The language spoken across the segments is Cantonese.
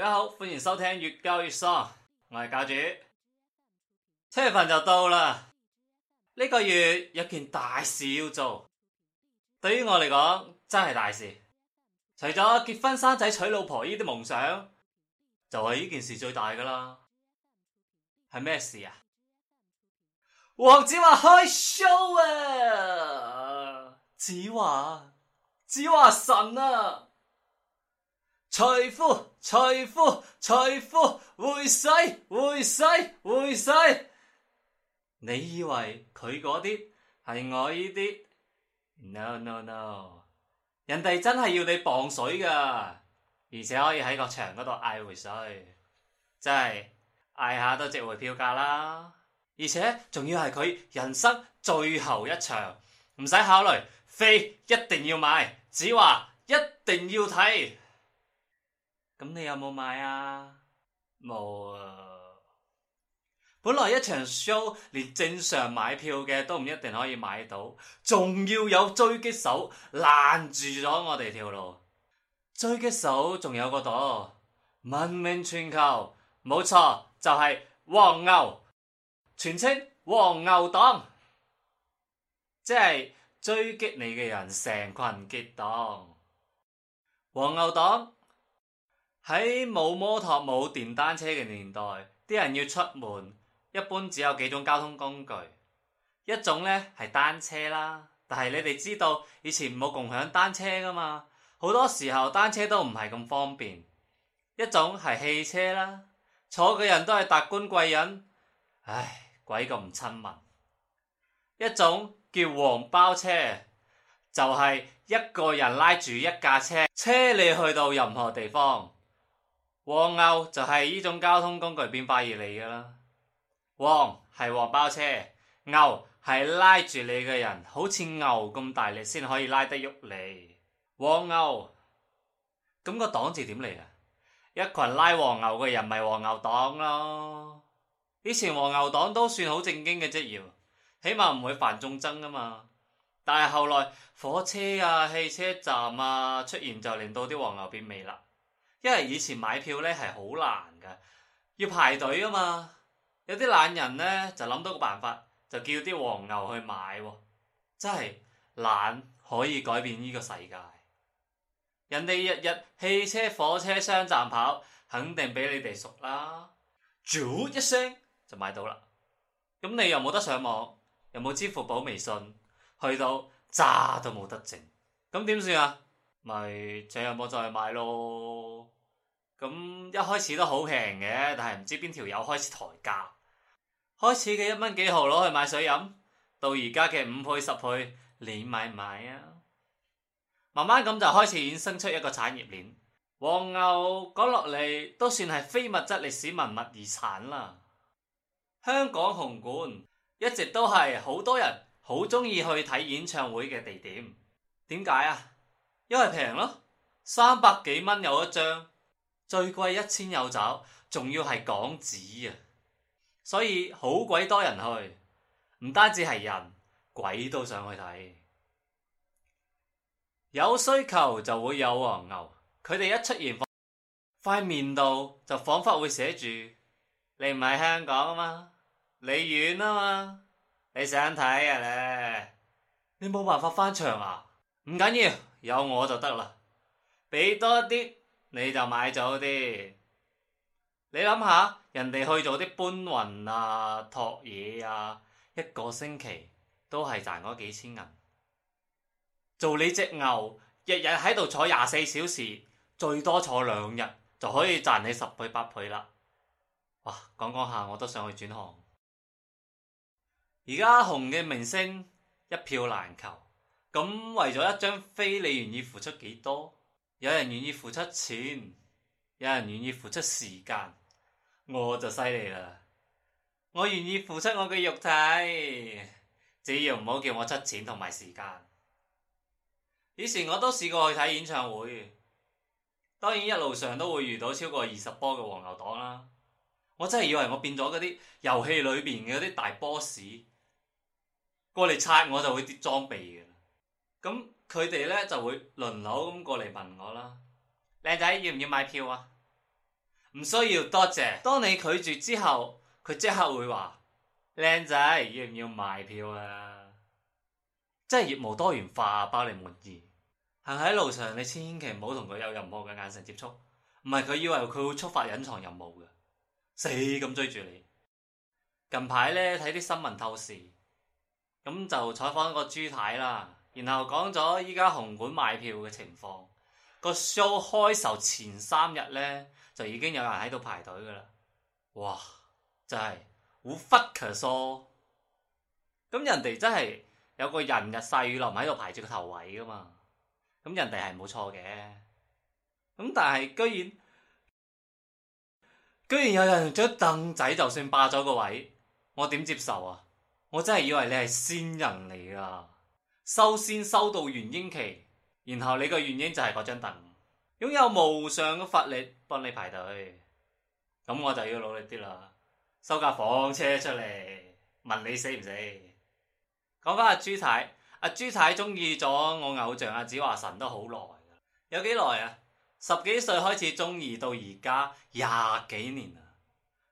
大家好，歡迎收聽越教越疏，我係教主。七月份就到啦，呢、這個月有件大事要做，對於我嚟講真係大事。除咗結婚生仔、娶老婆呢啲夢想，就係、是、呢件事最大噶啦。係咩事啊？黃子華開 show 啊！子華，子華神啊！財富、財富、財富回水、回水、回水。你以為佢嗰啲係我呢啲？No no no，人哋真係要你磅水噶，而且可以喺個場嗰度嗌「回水」，真係嗌下都值回票價啦。而且仲要係佢人生最後一場，唔使考慮，飛一定要買，子華一定要睇。咁你有冇買啊？冇啊！本來一場 show 連正常買票嘅都唔一定可以買到，仲要有追擊手攔住咗我哋條路。追擊手仲有個朵，聞名全球，冇錯就係、是、黃牛，全稱黃牛黨，即係追擊你嘅人成群結黨，黃牛黨。喺冇摩托、冇電單車嘅年代，啲人要出門，一般只有幾種交通工具。一種呢係單車啦，但係你哋知道以前冇共享單車噶嘛？好多時候單車都唔係咁方便。一種係汽車啦，坐嘅人都係達官貴人，唉，鬼咁親民。一種叫黃包車，就係一個人拉住一架車，車你去到任何地方。黃牛就係呢種交通工具變化而嚟噶啦，黃係黃包車，牛係拉住你嘅人，好似牛咁大力先可以拉得喐你。黃牛咁個黨字點嚟啊？一群拉黃牛嘅人咪黃牛黨咯。以前黃牛黨都算好正經嘅職業，起碼唔會犯眾憎啊嘛。但係後來火車啊、汽車站啊出現，就令到啲黃牛變味啦。因為以前買票咧係好難噶，要排隊啊嘛。有啲懶人呢，就諗到個辦法，就叫啲黃牛去買喎、哦。真係懶可以改變呢個世界。人哋日日汽車、火車、商站跑，肯定比你哋熟啦。啾一聲就買到啦。咁你又冇得上網，又冇支付寶、微信，去到渣都冇得整。咁點算啊？咪上有冇再買咯。咁一開始都好平嘅，但係唔知邊條友開始抬價。開始嘅一蚊幾毫攞去買水飲，到而家嘅五倍十倍，你買唔買啊？慢慢咁就開始衍生出一個產業鏈。黃牛講落嚟，都算係非物質歷史文物遺產啦。香港紅館一直都係好多人好中意去睇演唱會嘅地點。點解啊？因為平咯，三百幾蚊有一張。最貴一千有找，仲要係港紙啊！所以好鬼多人去，唔單止係人，鬼都上去睇。有需求就會有黃牛，佢哋一出現塊面度就仿佛會寫住：你唔係香港啊嘛，你遠啊嘛、啊，你想睇啊咧？你冇辦法翻牆啊？唔緊要，有我就得啦，俾多啲。你就買咗啲，你諗下，人哋去做啲搬運啊、托嘢啊，一個星期都係賺咗幾千銀。做你隻牛，日日喺度坐廿四小時，最多坐兩日就可以賺你十倍八倍啦。哇！講講下我都想去轉行。而家紅嘅明星一票難求，咁為咗一張飛，你願意付出幾多？有人願意付出錢，有人願意付出時間，我就犀利啦！我願意付出我嘅肉體，只要唔好叫我出錢同埋時間。以前我都試過去睇演唱會，當然一路上都會遇到超過二十波嘅黃牛黨啦。我真係以為我變咗嗰啲遊戲裏邊嘅嗰啲大 boss，過嚟拆我就會跌裝備嘅。咁。佢哋咧就會輪流咁過嚟問我啦，靚仔要唔要買票啊？唔需要，多謝。當你拒絕之後，佢即刻會話：靚仔要唔要買票啊？真係業務多元化，包你滿意。行喺路上，你千祈唔好同佢有任何嘅眼神接觸，唔係佢以為佢會觸發隱藏任務嘅，死咁追住你。近排咧睇啲新聞透視，咁就採訪一個豬太啦。然後講咗依家紅館買票嘅情況，個 show 開售前三日呢，就已經有人喺度排隊噶啦，哇，真係好 fucker so，咁人哋真係有個人日曬雨淋喺度排住個頭位噶嘛，咁人哋係冇錯嘅，咁但係居然居然有人用咗凳仔，就算霸咗個位，我點接受啊？我真係以為你係仙人嚟噶。修仙收到元嬰期，然後你個元嬰就係嗰張凳，擁有無上嘅法力幫你排隊，咁我就要努力啲啦，收架房車出嚟，問你死唔死？講翻阿、啊、朱太，阿、啊、朱太中意咗我偶像阿、啊、子華神都好耐，有幾耐啊？十幾歲開始中意到而家廿幾年啊？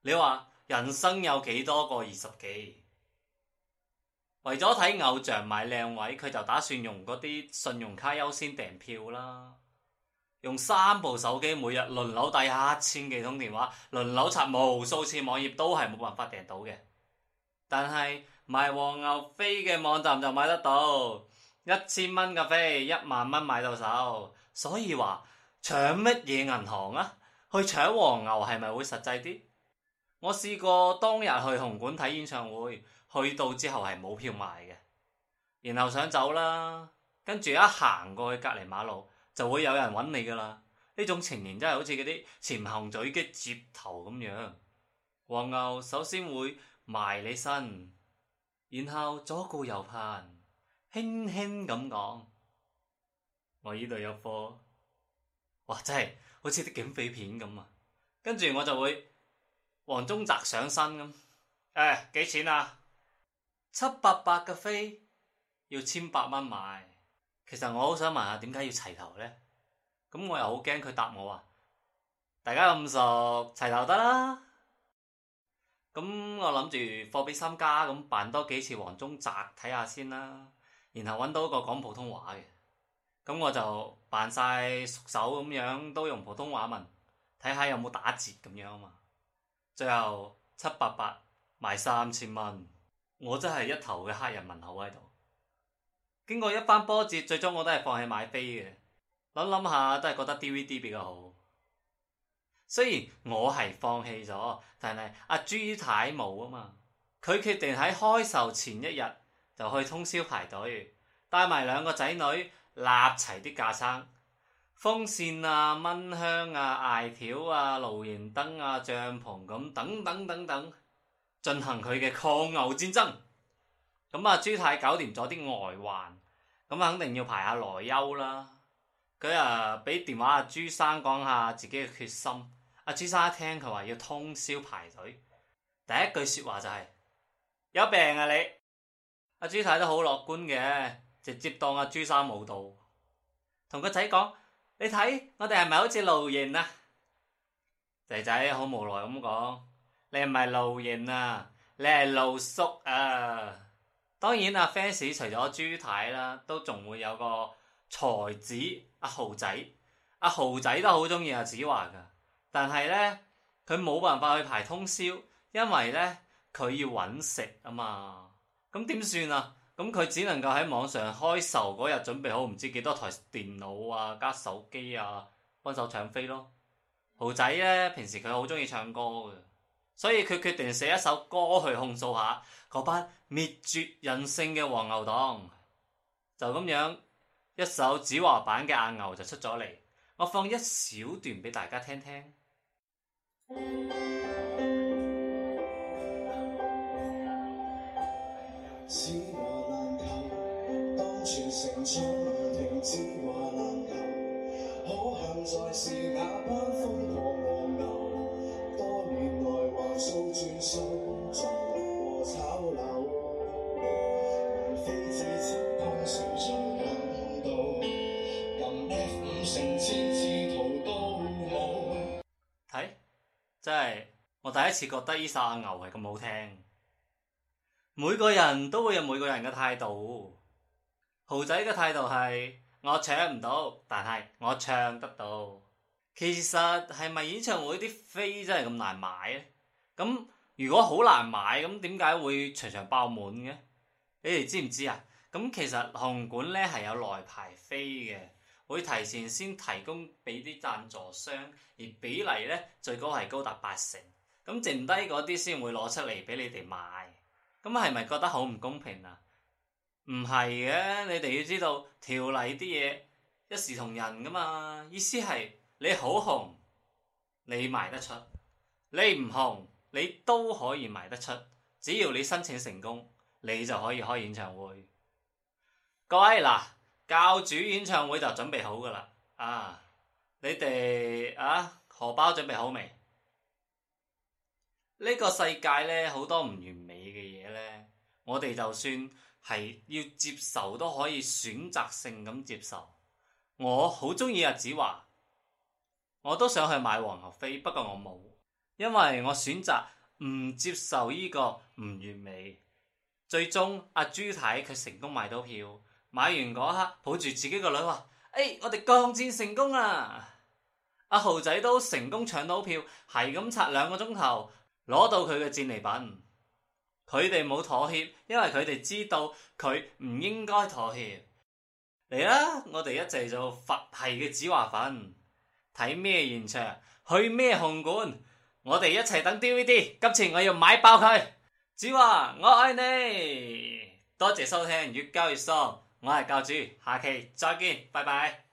你話人生有幾多個二十幾？為咗睇偶像買靚位，佢就打算用嗰啲信用卡優先訂票啦。用三部手機每日輪流打下千幾通電話，輪流刷無數次網頁都係冇辦法訂到嘅。但係賣黃牛飛嘅網站就買得到，一千蚊嘅飛一萬蚊買到手。所以話搶乜嘢銀行啊？去搶黃牛係咪會實際啲？我試過當日去紅館睇演唱會。去到之後係冇票賣嘅，然後想走啦，跟住一行過去隔離馬路就會有人揾你噶啦。呢種情形真係好似嗰啲潛行狙擊接頭咁樣。黃牛首先會埋你身，然後左顧右盼，輕輕咁講：我依度有貨。哇！真係好似啲警匪片咁啊。跟住我就會黃宗澤上身咁，誒、哎、幾錢啊？七百八嘅飛要千八蚊買，其實我好想問下點解要齊頭呢？咁我又好驚佢答我啊。大家咁熟齊頭得啦。咁我諗住貨比三家，咁扮多幾次黃宗澤睇下先啦，然後搵到個講普通話嘅，咁我就扮晒熟手咁樣，都用普通話問，睇下有冇打折咁樣啊嘛。最後七百八賣三千蚊。我真係一頭嘅黑人問號喺度，經過一番波折，最終我都係放棄買飛嘅。諗諗下，都係覺得 DVD 比較好。雖然我係放棄咗，但係阿朱太冇啊嘛，佢決定喺開售前一日就去通宵排隊，帶埋兩個仔女立齊啲架生，風扇啊、蚊香啊、艾條啊、露營燈啊、帳篷咁等等，等等等等。進行佢嘅抗牛戰爭，咁啊朱太搞掂咗啲外患，咁肯定要排下內憂啦。佢啊，俾電話阿、啊、朱生講下自己嘅決心，阿、啊、朱生一聽佢話要通宵排隊，第一句說話就係、是、有病啊你！阿、啊、朱太都好樂觀嘅，直接當阿、啊、朱生冇到。同個仔講：你睇我哋係咪好似露營啊？仔仔好無奈咁講。你唔係露營啊，你係露宿啊。當然啊，fans 除咗朱太啦，都仲會有個才子阿豪仔，阿豪仔都好中意阿子華噶。但係呢，佢冇辦法去排通宵，因為呢，佢要揾食啊嘛。咁點算啊？咁佢只能夠喺網上開售嗰日準備好唔知幾多台電腦啊，加手機啊，幫手搶飛咯。豪仔呢，平時佢好中意唱歌嘅。所以佢決定寫一首歌去控訴下嗰班滅絕人性嘅黃牛黨，就咁樣一首《子華版嘅阿牛》就出咗嚟。我放一小段俾大家聽聽。子華難求，當全城春停，子華難求，可現在是那班瘋狂。次覺得呢首牛係咁好聽，每個人都會有每個人嘅態度。豪仔嘅態度係我搶唔到，但係我唱得到。其實係咪演唱會啲飛真係咁難買咧？咁如果好難買，咁點解會場場爆滿嘅？你哋知唔知啊？咁其實紅館呢係有內排飛嘅，會提前先提供俾啲贊助商，而比例呢最高係高達八成。咁剩低嗰啲先會攞出嚟俾你哋賣，咁係咪覺得好唔公平啊？唔係嘅，你哋要知道條例啲嘢一視同仁噶嘛，意思係你好紅，你賣得出，你唔紅你都可以賣得出，只要你申請成功，你就可以開演唱會。各位嗱，教主演唱會就準備好噶啦，啊，你哋啊荷包準備好未？呢個世界咧，好多唔完美嘅嘢咧，我哋就算係要接受，都可以選擇性咁接受。我好中意阿子華，我都想去買黃牛飛，不過我冇，因為我選擇唔接受呢個唔完美。最終阿、啊、朱太佢成功買到票，買完嗰刻抱住自己個女話：，誒、哎，我哋抗戰成功啦！阿、啊、豪仔都成功搶到票，係咁刷兩個鐘頭。攞到佢嘅戰利品，佢哋冇妥協，因為佢哋知道佢唔應該妥協。嚟啦，我哋一齊做佛系嘅子華粉，睇咩現場，去咩紅館，我哋一齊等 DVD。今次我要買爆佢，子華我愛你，多謝收聽，越教越爽，我係教主，下期再見，拜拜。